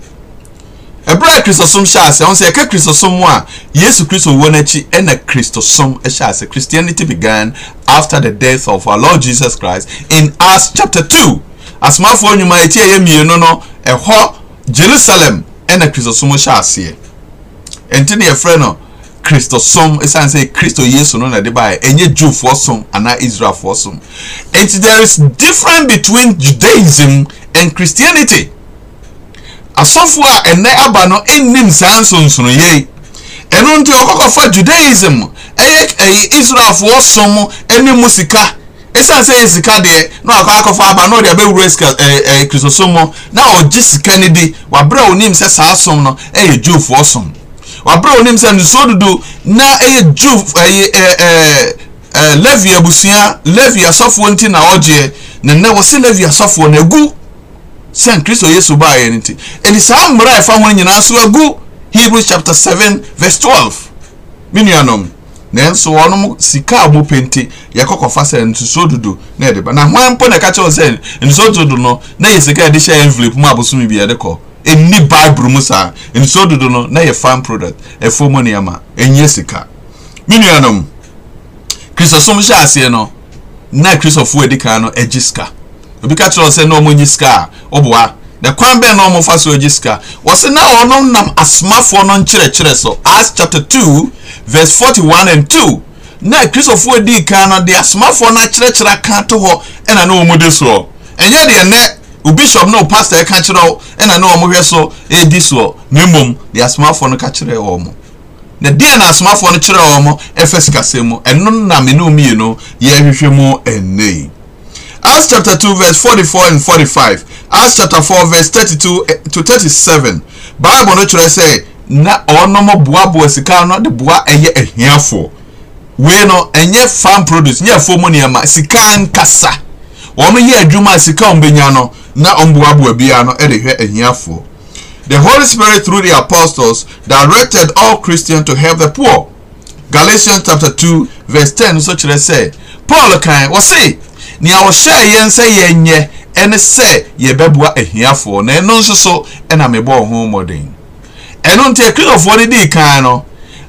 ɛberɛ a kristosom hyɛ ase ɔn sɛ yɛka kristosom a yesu kristo wɔ n'akyi ɛna kristosom hyɛ ase christianity began after the death of our lord jesus christ in acts chapter 2 asomafoɔ nnwuma ɛti ɛyɛ mmienu no ɛhɔ jerusalem ɛna kristosom hyɛ aseɛ ɛnti ne yɛfrɛ no kristo som ɛsiane sɛ kristo yesu no na ɛde baeɛ ɛnyɛ jewfoɔ som anaa israelfoɔ som nti there is different between judaism and christianity asɔfoɔ a ɛnɛ aba no nnim saa nsonsonoyɛ ɛno nti ɔkɔkɔfa judaism ɛyɛ ɛyɛ israelfoɔ som ɛne mu sika ɛsiane sɛ ɛyɛ sika deɛ na wakɔ akɔfa aba na ɔde abɛwura sika ɛɛ ɛɛ kristosom na ɔgye sika no di wabrɛ onim sɛ saa som no ɛyɛ jewfoɔ som wabrɛ onim sɛ nsuo dodo na ɛyɛ ju ɛyɛ ɛɛ ɛɛ levi abusua levi asɔfoɔ nti na ɔgyeɛ na nnɛ wɔsi levi asɔfoɔ na egu sɛn kristo yesu baa yɛn ti ɛni saa mmerɛ a ɛfa ho nyinaa so egu hebrew chapter seven verse twelve mi nuanom nanso wɔn sika a wɔpɛ nti yɛkɔkɔfa sɛ nsusuo dodo na yɛde ba na hwan mpo na ɛka kyɛw sɛ nsusuo dodo no na yɛ sika yɛde hyɛ envelope mu abosom bi yɛde kɔ ɛnni bible mu saa nsuo dodo no na yɛ farm product ɛfo mu nneɛma ɛnyɛ sika me nuanom kristosom hyɛ aseɛ no na kristofoɔ edi kan no agye sika obi ka kyerɛ sɛ na wɔn nyi sika a ɔboa na kwan bɛn na wɔn fa so agye sika wɔsi na wɔn nam asomafoɔ no nkyerɛkyerɛ so as chapter two verse forty one and two na kristofoɔ edi kan no de asomafoɔ no akyerɛkyerɛ kan to hɔ ɛna na wɔn di soɔ ɛnyɛ deɛ nɛ o bishop na o pastor ɛka kyerɛ o ɛna na wɔn hwɛ so ɛredi soɔ na mmom deɛ asomafoɔ no ka kyerɛ wɔn na deɛ na asomafoɔ no kyerɛ wɔn ɛfɛ sikasɛm mu ɛno na menu mmienu yɛrehwehwɛ mu ɛnna yi acts chapter two verse forty-four and forty-five acts chapter four verse thirty-two eh, to thirty-seven bible no kyerɛ sɛ na ɔnom boaboa sika no de boa ɛyɛ ɛhiafoɔ wei no ɛnyɛ farm produce nyɛ fom nneɛma sika nkasa wɔn yɛ adwuma a sika wɔn bɛnya no na ɔmboaboa biara no de hwɛ ahiafoɔ the holy spirit through the apostles directed all christians to help the poor galatians chapter two verse ten nso kyerɛ sɛ paul kan wɔse nea ɔhyɛ yɛn sɛ yɛnyɛ ɛne sɛ yɛbɛboa ahiafoɔ na ɛno nso so ɛna mebɔ ho mmɔden ɛno nti akristofoɔ no dii kan no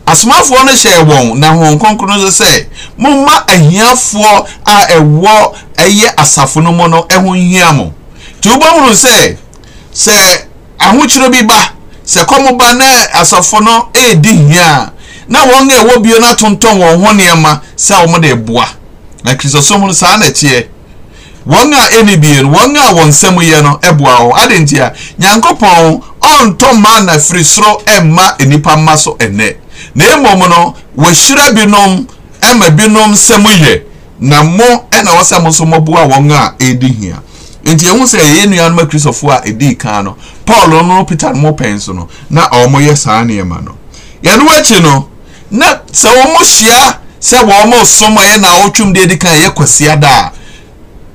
asomafoɔ no hyɛ wɔn na wɔn kɔnkɔn no sɛ momma ahiafoɔ a ɛwɔ ɛyɛ asafo no mu no ɛho nhia mo tubomru sɛ sɛ ahokyerɛ bi ba sɛ kɔm ba na asafo no ɛredi hia na wɔn a ɛwɔ bio no atontɔn wɔn ho nneɛma sɛ wɔn de boa na kristosom no saa na ɛteɛ wɔn a ɛni bie no wɔn a wɔn nsɛm yɛ no ɛboa wɔn adi nti a nyankopɔn ɔntɔ mmaa na firi soro ɛmma nnipa mma so ɛnɛ na mmom no wɔahyira binom ɛma binom nsɛm yɛ na mo ɛna wɔsɛm nso mɔboa wɔn a ɛredi hia nti ehu sɛ yɛn nuanom akristofoɔ a edi kan no paul no peter no pɛn so no na wɔn yɛ saa nneɛma no yɛn no akyi no na sɛ wɔn hyia sɛ wɔn som a yɛn na wɔtwam de edi kan yɛ kɔsia da a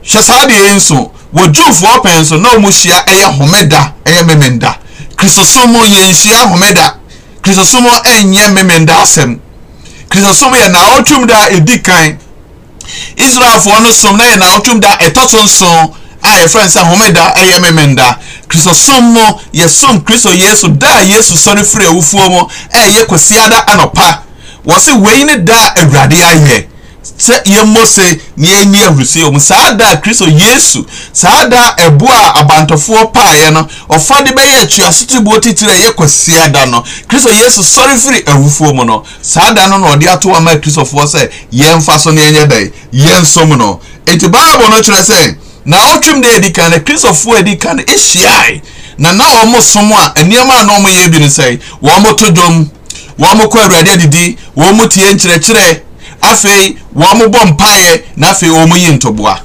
hyɛ saa deɛ nso wɔ juufoɔ pɛn so na wɔn hyia ɛyɛ homeda ɛyɛ memenda kristosom yɛn hyia homeda kristosom ɛnyɛ memenda asɛm kristosom yɛ na wɔtwam da edi kan israelfoɔ no som na yɛ na wɔtwam da ɛtɔ a yɛfrɛ nsa homeda ɛyɛ memenda kristosom mu yɛsom kristo yesu da a yesu sɔre firi awufuo mu ɛyɛ kwasiada anɔpa wɔsi wei ne da a awurade ayɛ sɛ yɛ mose na yɛnyi ahurusie wɔn saa da kristo yesu saa da ɛbo a abantɔfoɔ paayɛ no ɔfa de bɛyɛ akyi asotibuo titiri a ɛyɛ kwasi no kristo yesu sɔre firi awufoɔ mu no saa da no na ɔde ato ama kristofoɔ sɛ yɛn fa so na yɛnyɛ dɛ yɛn som no eti baabu no kyerɛ sɛ na ɔtwam deɛ edi kan akristofoɔ edi kan ahyiae na na wɔn som a nneɛma a na wɔn yɛ bi no sɛ wɔn to dwom wɔn kɔ awurade adidi wɔn tie nkyerɛkyerɛ afei wɔn bɔ mpaeɛ na afei wɔn yi ntoboa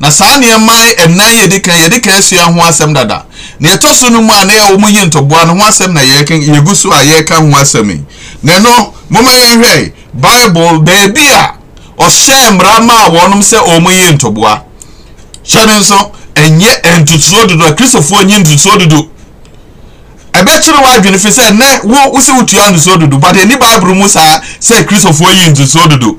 na saa nneɛma ɛnan yɛ edi kan yɛ edi kan asua ho asɛm dada na yɛtɔ so no mu a na yɛ wɔn yi ntoboa no ho asɛm na yɛka yɛgu so a yɛka ho asɛm yi na ɛno moma yɛn hwɛ bible beebi a ɔhyɛ mmara ma wɔn sɛ wɔn yi ntoboa hyɛ no nso ɛnyɛ ntotoɔ dodo akristofoɔ nye ntotoɔ dodo ɛbɛkyerɛ w'adwene fi sɛ nɛ wo wosɛ wotua ntotoɔ dodo but ɛni baabulu mu saa sɛ akristofoɔ yi ntotoɔ dodo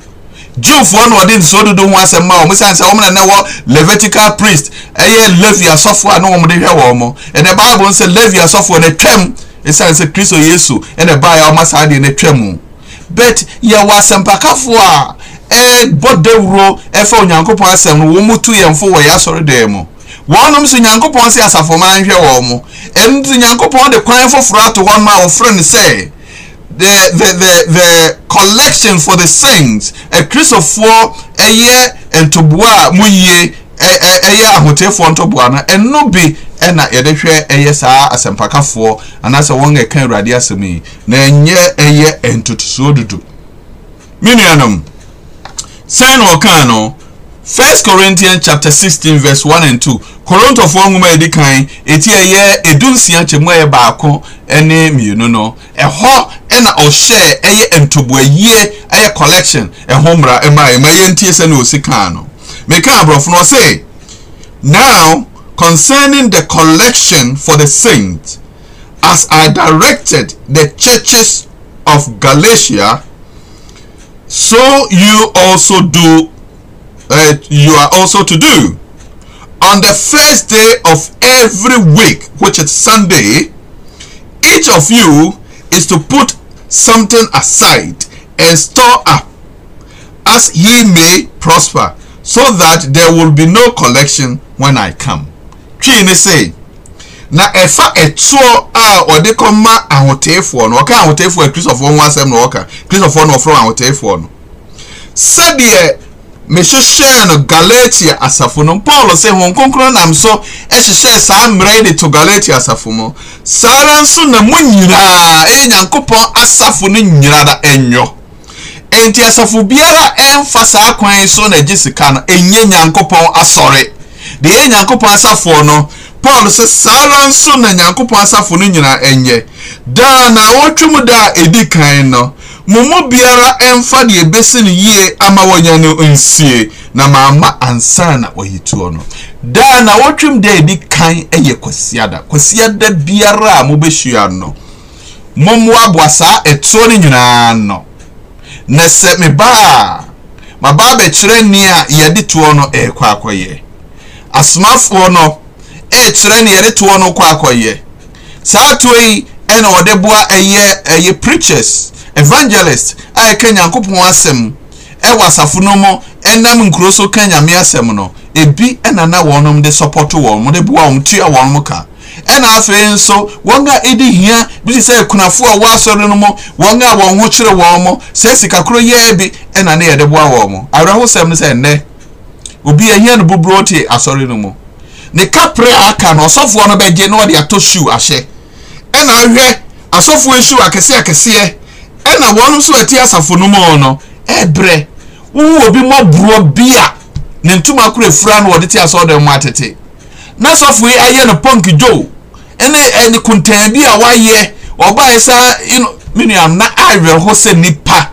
jewfoɔ na ɔde ntotoɔ dodo ho asɛm ma wɔn san sɛ wɔn na nɛ wɔ levitical priest ɛyɛ levi asɔfoɔ a na wɔn de hwɛ wɔn ɛnɛ baabulu sɛ levi asɔfoɔ na twɛm ɛsan sɛ kristo oh, yesu ɛna baa yɛ ɔma saa deɛ na twɛm bet yɛ wɔ asɛmpakafoɔ a oh ɛbɔ dawuro ɛfa onyankopɔn asɛm no wɔn mu tu yɛn fo wɔ yɛ asɔredan mu wɔn nso nyankopɔn si asafoman ahwɛ wɔn mo ɛnu nso nyankopɔn de kwan foforɔ ato hɔ ma wɔfrɛ no sɛ the the the the collection for the saints ɛkristofoɔ ɛyɛ ntoboa a mu yie ɛyɛ ahotefoɔ ntoboa no ɛno bi ɛna yɛde hwɛ ɛyɛ saa asɛmpakafoɔ anaasɛ wɔn ɛka awurade asɛm yi na ɛnyɛ ɛyɛ ntotosoɔ dodo mi nuanom sɛn na ɔkaa no first corinthians chapter sixteen verse one and two korontofoɔ nwoma yɛdi kan eti ɛyɛ edunsia kyɛmu ɛyɛ baako ɛne mmienu no ɛhɔ ɛna ɔhyɛ ɛyɛ ntoboayie ɛyɛ collection ɛho mmara ɛmaa ɛma yɛn tie sɛ na osi kaa no meka aborɔfo no ɔse now concerning the collection for the saint as i directed the churches of galatia so you also do uh, you are also to do on the first day of every week which is sunday each of you is to put something aside and store up as he may prosper so that there will be no collection when i come Chini say na ɛfa ɛtoɔ a ɔde kɔma ahoteefoɔ no ɔka ahoteefoɔ kristofoɔ ho asɛm na ɔka kristofoɔ no ɔfrɛ ahoteefoɔ no sɛdeɛ mehyehyɛɛ no galatia asafo no paul sɛ hon kronkron nam so ɛhyehyɛɛ saa mmerɛ de to galatia asafo mu saa ara nso na mo nyinaa ɛyɛ nyankopɔn asafo no nyinaa da ɛnyɔ ɛnti asafo biara ɛmfa saa kwan so na ɛgye sika no ɛnyɛ nyankopɔn asɔre deɛ ɛyɛ nyankopɔn asafoɔ no paul sɛ saa ara nso na nyankopɔn asafo no nyinaa ɛnyɛ daa na awɔtwem da a ɛdi kan no mo mu biara ɛmfa deɛ ɛbɛsi no yie ama wɔnya no nsie na maama ansa na ɔyituo no daa na awɔtwem da a ɛdi kan ɛyɛ kwasiada kwasiada biara a mobɛhyia no mommoaboa saa ɛtoɔ no nyinaa no na sɛ mebaa mabaa bɛkyerɛ nne a yɛde toɔ no ɛrekɔ akɔyɛ asomafoɔ no ɛkyerɛ neɛ de toɔ no kɔ akɔyɛ saa toɔ yi ɛna ɔde boa ɛyɛ ɛyɛ preachers evangelist a ɛka nyankopɔn asɛm ɛwɔ asafo no mu ɛnam nkuro so ka nyame asɛm no ebi ɛna na wɔn de sɔpɔto wɔn de boa wɔn tua wɔn ka ɛna afei nso wɔn a ɛdi hia bi te sɛ kunafo a wɔasɔre no mu wɔn a wɔn ho kyerɛ wɔn mo sɛ sika koro yɛɛ bi ɛna ne yɛde boa wɔn mo awerɛhosɛm no sɛ nnɛ obi ɛhia no boburo te asɔre no mu ne kapre aka no ɔsɔfoɔ no bɛgye na ɔde atɔ shoe ahyɛ ɛna ahwɛ asɔfoɔ shoe akɛseɛ akɛseɛ ɛna wɔn nso ɛte asafo no mu no ɛbrɛ wowu obi mɔborɔ bi a ne ntoma koro efura no wɔde te asɔɔdan mu atete na asɔfoɔ yi ayɛ no pɔnk joe ɛne ɛne kuntan bi a wayɛ ɔbaa yi saa ɛno mi nuam na ahwɛ hɔ sɛ nipa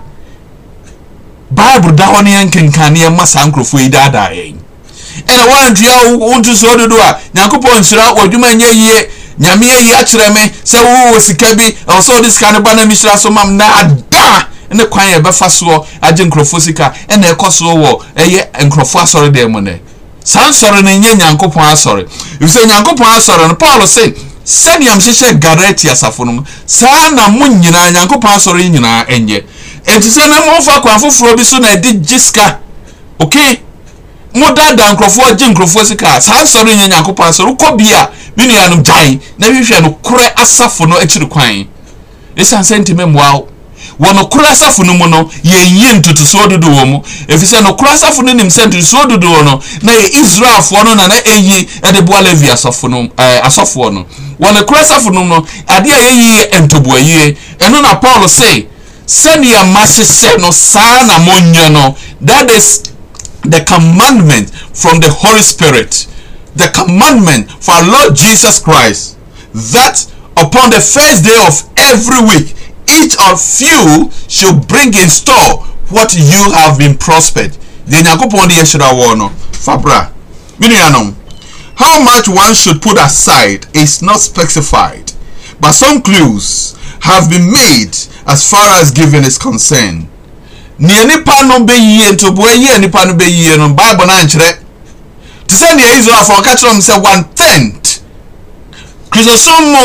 baibul da hɔ ne yɛn kenkan ne yɛn ma saa nkurɔfoɔ yi daadaa yɛn ɛna wɔantua wo ntosoɔ dodoɔ a nyankopɔn nhyira w'adwuma nyɛ yie nyame ayi akyerɛ me sɛ wowɔ sika bi ɛwɔ sɛ wode sika no ba na mehyira so mam na ada ne kwan yɛ bɛfa soɔ agye nkurɔfoɔ sika ɛna ɛkɔ soɔ wɔ ɛyɛ nkurɔfoɔ asɔre dɛn mu nɛ saa nsɔre no nyɛ nyankopɔn asɔre efisɛ nyankopɔn asɔre no paul se sɛnea mhyehyɛ gareti asafo no saa na mo nyinaa nyankopɔn asɔre nyinaa ɛnyɛ ɛti sɛ na mofa kwan foforɔ bi so na ɛde gye sika okay mo daadaa nkurɔfoɔ gye nkurɔfoɔ sika saa nsɔre nyɛ nyankopɔn asɔre kɔ bi a me nuanom gyae na hwehwɛ no korɛ asafo no akyiri kwan ɛsiane sɛ ntimi mmoa wo wɔ nokorɛ asafo no mu no yɛnyɛ ntotosoɔ dodo wɔ mu ɛfiri sɛ nokorɛ asafo no nim sɛ ntotosoɔ dodo wɔ no na yɛ israelfoɔ no nana ɛyi ɛde boa levi asɔfo no ɛɛ asɔfoɔ no wɔ nokorɛ asafo no mu no adeɛ a yɛyi yɛ ɛno na paul se sɛnea ma sesɛ no saa na mo nyɛ no that is the commandment from the Holy Spirit, the commandment for our Lord Jesus Christ, that upon the first day of every week, each of you should bring in store what you have been prospered. Then the Fabra. How much one should put aside is not specified, but some clues have been made as far as giving is concerned. nea nipa no bɛyie ntoboa yi a nipa no bɛyie no bible no ankyerɛ te sɛ nea israelfoɔ ɔka kyerɛ m sɛ one tent kristosom mu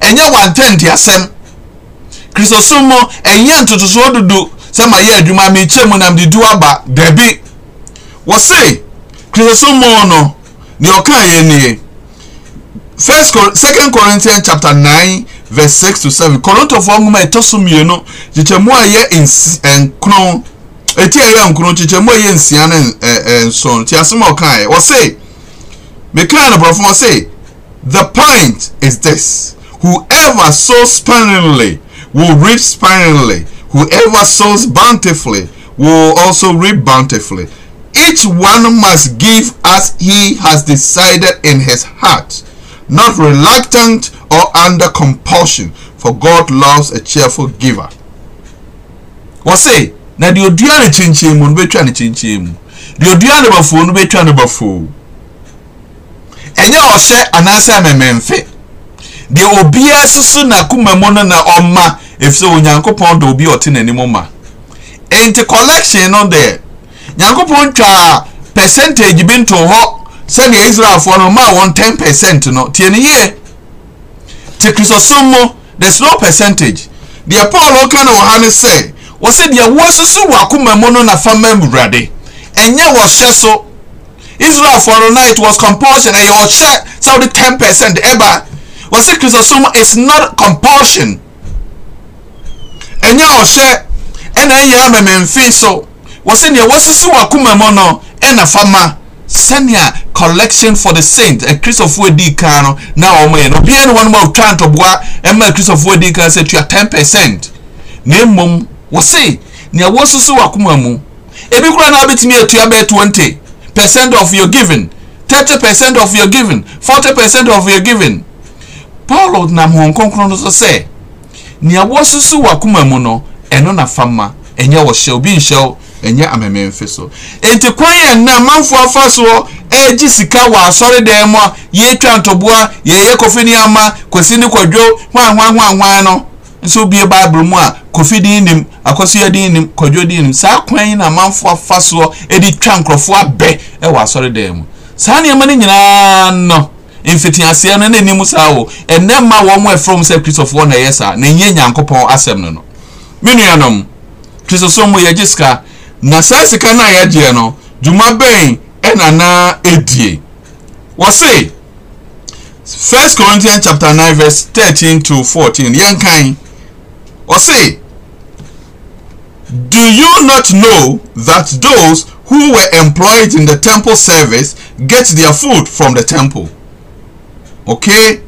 ɛnyɛ one tent asɛm kristosom mu ɛnyɛ ntotosoɔ dudu sɛ ma yɛ adwuma mekyɛ mu nam de du aba dabi wɔse kristosom mu no nea ɔkaa yɛ nie first second corinthians chapter nine verse six to seven korintofoɔ nwoma ɛtɔ so mmienu kyekyɛmu a ɛyɛ nsi eh, nkron eti a ɛyɛ nkron kyekyɛmu a ɛyɛ nsia ne ɛɛ eh, eh, nson ti asem a ɔkaeɛ wɔse mekaa no borɔfo the point is this whoever sows sparingly will reap sparingly whoever sows bountifully will also reap bountifully each one must give as he has decided in his heart not reluctant or under compulsion, for God loves a cheerful giver. Wɔse, na deɛ odua ne kyenkyen mu no bɛtwa ne kyenkyen mu. Deɛ odua ne bafuo no bɛtwa ne bafuo. Ɛnyɛ ɔhyɛ anaasɛ amememfe. Deɛ obiara soso n'akoma mu no na ɔma efisɛ onyankopɔn dɔ obi a ɔte n'anim ma. Nti collection no deɛ, nyankopɔn twaa percentage bi ntoo hɔ sɛdeɛ Israelfoɔ no maa wɔn ten percent no tie ne yie. te chrysostom there's no percentage deɛ paul ɔka na ɔha ne sɛ the deɛ wɔasusu wɔ akoma mu no nafa And awurade ɛnyɛ wɔhyɛ so israel for the night was compulsion ɛyɛ ɔhyɛ sɛ wode 10 percent ɛba wɔsɛ chrysostom is not compulsion ɛnyɛ ɔhyɛ ɛna ɛyɛ amamamfi so wɔsɛ deɛ wɔasusu wɔ akoma mu no ɛnafa ma sɛnea collection for the saint akristofoɔ eh, di kan no na wɔn yɛ no obiara ne wɔn mu a otwa ntɔboa ɛma akristofoɔ di kan sɛ tua ten percent na mmom wɔse nea wɔsoso wɔ akoma mu ebi koraa na abɛtumi atua bɛyɛ twenty percent of your giving thirty percent of your giving forty percent of your giving Paul nam wɔn kɔnkɔn no so sɛ nea wɔsoso wɔ akoma mu no ɛno na fama ɛnyɛ wɔhyɛ obi nhyɛw ɛnyɛ amememfe so enti kwan yɛn na amanfoɔ afa soɔ ɛregye sika wɔ asɔredan mu a yɛretwa ntɔboa yɛyɛ kofi ne ama kwasi ne kwadwo hwanhwan hwanhwan no nso bie baabul e e mu a kofi din nim akɔsia din nim kwadwo din nim saa kwan yi na amanfoɔ afa soɔ ɛde twa nkurɔfoɔ abɛ ɛwɔ asɔredan mu saa nneɛma no nyinaa no mfitiaseɛ no na anim saa wɔ ɛnɛ mma wɔn a ɛfrɛ sɛ kristofoɔ na ɛyɛ saa na nye nyankopɔn asɛm no no me nuanom kristosom mu yɛgye sika na saa sika no a yɛgyeɛ no dwuma bɛn ɛna na edie first corinthians chapter nine verse thirteen to fourteen yɛn kan say? do you not know that those who were employed in the temple service get their food from the temple okay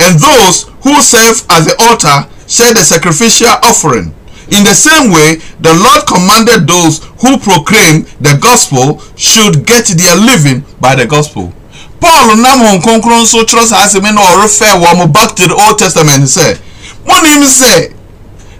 and those who serve at the altar share the sacrificial offering In the same way, the Lord commanded those who proclaim the gospel should get their living by the gospel. Paul nam hon konkron so kyerɛ saa asɛm na ɔrefɛ wɔ mo back to the old testament sɛ monim sɛ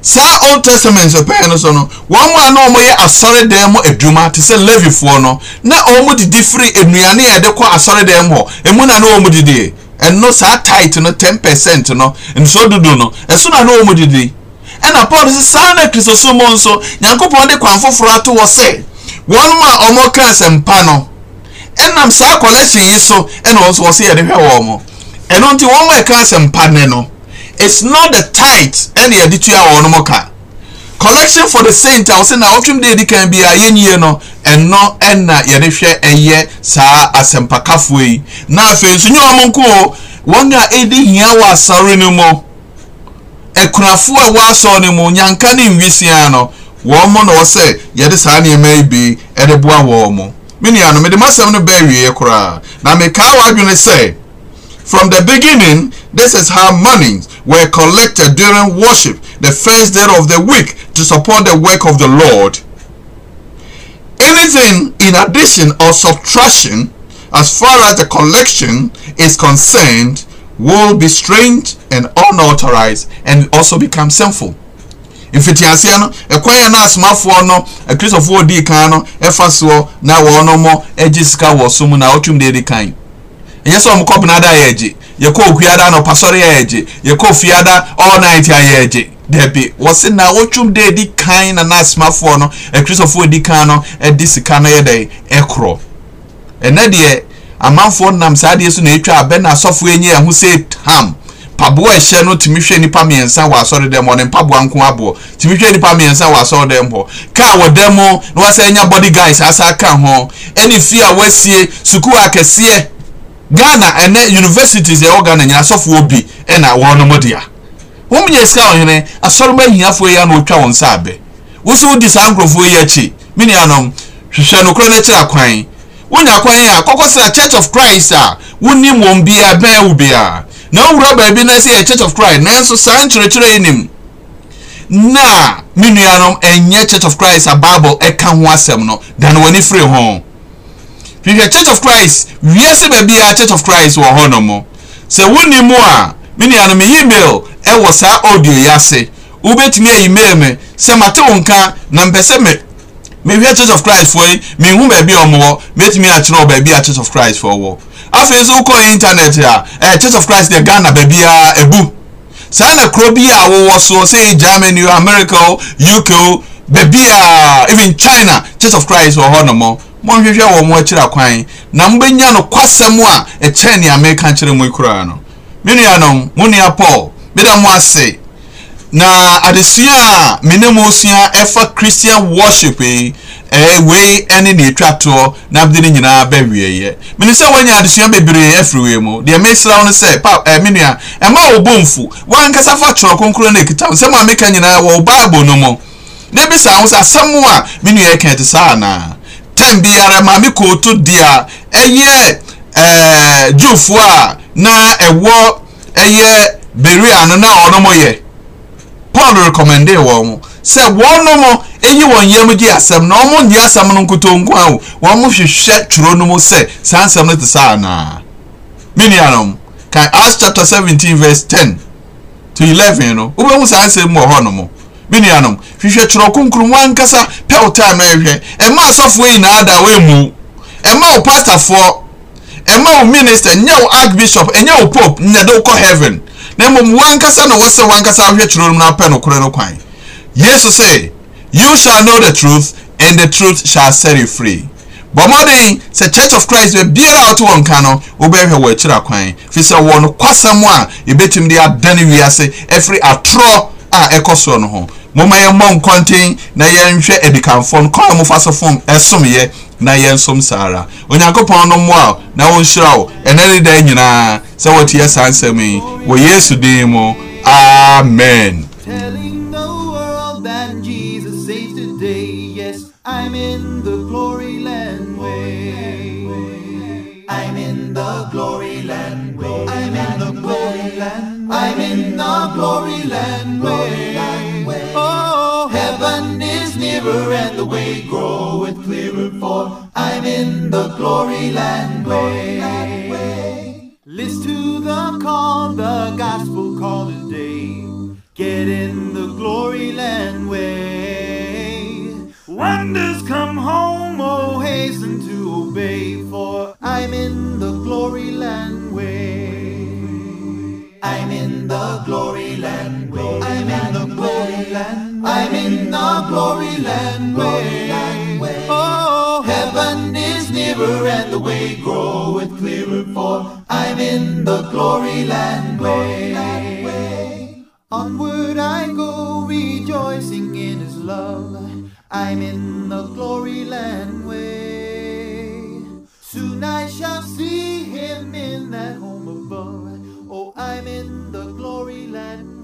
saa old testament sɛ pɛɛ no so no wɔn mu a na wɔn yɛ asɔredan mu adwuma te sɛ levifoɔ no na wɔn didi firi nnuane a yɛde kɔ asɔredan mu hɔ emu na na wɔn didi ɛno saa tight no ten percent no nsuo dodo no ɛso na na wɔn didi ɛna paul sɛ saa na kristosom nso nyankopɔn de kwan foforɔ ato wɔ sɛ wɔn a wɔn asɛmpa no ɛnam saa collection yi so ɛna wɔn nso wɔsi yɛde hwɛ wɔn ɛno nti wɔn a ɛka asɛmpa ne no it's not the tight ɛna yɛde tua wɔn mo ka collection for the saint a wɔsi na ɔtwem de edi kan bi a yɛnyie no ɛno ɛna yɛde hwɛ ɛyɛ saa asɛmpakafoɔ yi na afei nso nye wɔn nko wɔn a ɛdi hia wɔ asare no mu. ekunafo a ɛwɔ asɔr ne mu nyanka ne nwisia no wɔn mo na wɔsɛ yɛde saa nneɛma yi bi ɛde boa wɔn mo me nua no mede masɛm no bɛɛ wie koraa na wa wadwene sɛ from the beginning this is how monies were collected during worship the first day of the week to support the work of the lord anything in addition or subtraction as far as the collection is concerned will be strange and unauthorized and also become sinful mfitiaseɛ no ɛkwan yɛ no asomafoɔ no akristofoɔ di kan no ɛfa soɔ na wɔn no mo agye sika wɔ so mu na ɔtwam deɛ di kan ɛnyɛ sɛ ɔmo kɔpena da yɛ agye yɛkɔ okuada na ɔpasɔre yɛ agye yɛkɔ fiada all night a yɛ agye dɛbi wɔsi na ɔtwam deɛ di kan na na asomafoɔ no akristofoɔ di kan no ɛde sika no yɛ dɛ ɛkorɔ ɛnɛ deɛ amanfoɔ nam saa adeɛ so na ɛtwa abɛ na asɔfo enyi ɛho sɛ ham paboa ɛhyɛ no tumi hwɛ nipa mmiɛnsa wɔ asɔre dɛm hɔ ne mpaboa nko aboɔ tumi hwɛ nipa mmiɛnsa wɔ asɔre dɛm hɔ kaa wɔ dɛm ho na wɔsɛ nya body guys asa aka ho ɛne fi a wɔasie sukuu akɛseɛ ghana ɛnɛ universities ɛwɔ ghana nyina asɔfoɔ bi ɛna wɔn mo dea wɔn nyɛ sika ɔhene asɔre mo ahiafoɔ yi ano otwa wɔn nsa abɛ wosow di saa nkurɔfoɔ yi akyi mini anom wonya kwan a kɔkɔ sena church of christ a wonim wɔn bia bɛn wo bia na wowura baabi na sɛ yɛ church of christ nanso saa nkyerɛkyerɛ yi nim na me nuanom ɛnyɛ church of christ a bible ɛka ho asɛm no dane w'ani firi ho hwehwɛ church of christ wiase baabi a church of christ wɔ hɔ nom sɛ wonni mu a me nuanom email ɛwɔ saa audio yi ase wobɛtumi ayi mail me sɛ mate wo nka na mpɛ sɛ mehwɛ church of christ foɔ yi mehu baabi a ɔmo wɔ metumi akyerɛ wɔ baabi a church of christ foɔ wɔ afei nso wokɔ internet a ɛɛ eh, church of christ deɛ ghana baabi ah, a ebu saa na kuro bi a wɔwɔ so sɛ germany america uk baabi a ah, even china church of christ wɔ hɔ nom mɔnhwehwɛ wɔn mo akyerɛ kwan na mobɛnya no kwasɛm a ɛkyɛn nea meka kyerɛ mo koraa no me nuanom mo nua paul meda mo ase na adesua a mene mu sua ɛfa christian worship yi ɛɛ wei ɛne ne etwa toɔ na de ne nyinaa bɛ wie yɛ mene sɛ wɔnyɛ adesua bebree ɛfiri wei mu deɛ mesra wo no sɛ pa ɛɛ menua ɛma wo bɔ mfu wankasa fa twerɛ konkro na ekita nsɛm a meka nyinaa wɔ baabo no mu ne bi saa ahosuo asɛm a menua ɛka ɛte saa anaa tɛm biara maame kooto deɛ ɛyɛ ɛɛ juufoɔ a na ɛwɔ ɛyɛ beria no na ɔno mo yɛ paul rekọmende wɔ mo sɛ wɔn enyi wọn wɔn yam gye asɛm na ọmụ nye asɛm no nkotonko awo wɔn mo hwehwɛ twerɛ no mu sɛ saa nsɛm no te saa anaa m ka acts chapter seventeen verse ten to eleven no wobɛhu saa nsɛm wɔ hɔ nom minianom hwehwɛ twerɛ kunkun wankasa pɛw time ɛhwɛ ɛma asɔfoɔ nyinaa da wɔn mụ ɛma wo pastafoɔ ɛma wo minister nyɛ wo archbishop ɛnyɛ wo pope nyɛ de wo kɔ heaven. na mmom wankasa na wɔsɛ wankasa ahwɛ kyerɛ mu na apɛ no korɛ no kwan yesu sɛ you shall know the truth and the truth shall set you free bɔ mmɔden sɛ church of christ bɛ biara a wɔte wɔn nka no wɔbɛhwɛ wɔ akyiri akwan firi sɛ wɔn kwasam a yɛbɛtumi de adane wiase ɛfiri atorɔ a ɛkɔ soɔ no ho mɔmɔ yɛn nkɔnten na yɛnhwɛ adikanfoɔ no kɔn a mofa so fom ɛsom yɛ na yɛn nso saa ara onyankopɔn no mmoa na wɔnhyira wo ɛnɛ ne dan nyinaa sɛ wɔteɛ saa nsɛm yi wɔ yesu din mu amen I'm in the glory land way. I'm in the glory land way. I'm in the glory land. I'm in the glory land way. Oh, heaven and the way groweth clearer, for I'm in the glory land way. List to the call, the gospel call today. Get in the glory land way. Wonders come home, oh hasten to obey, for I'm in the glory land way. I'm in the glory land. I'm in the glory land. I'm in glory land way. Oh, heaven is nearer and the way groweth clearer, for I'm in the glory land way. Onward I go, rejoicing in his love. I'm in the glory land way. Soon I shall see him in that home above. Oh, I'm in the glory land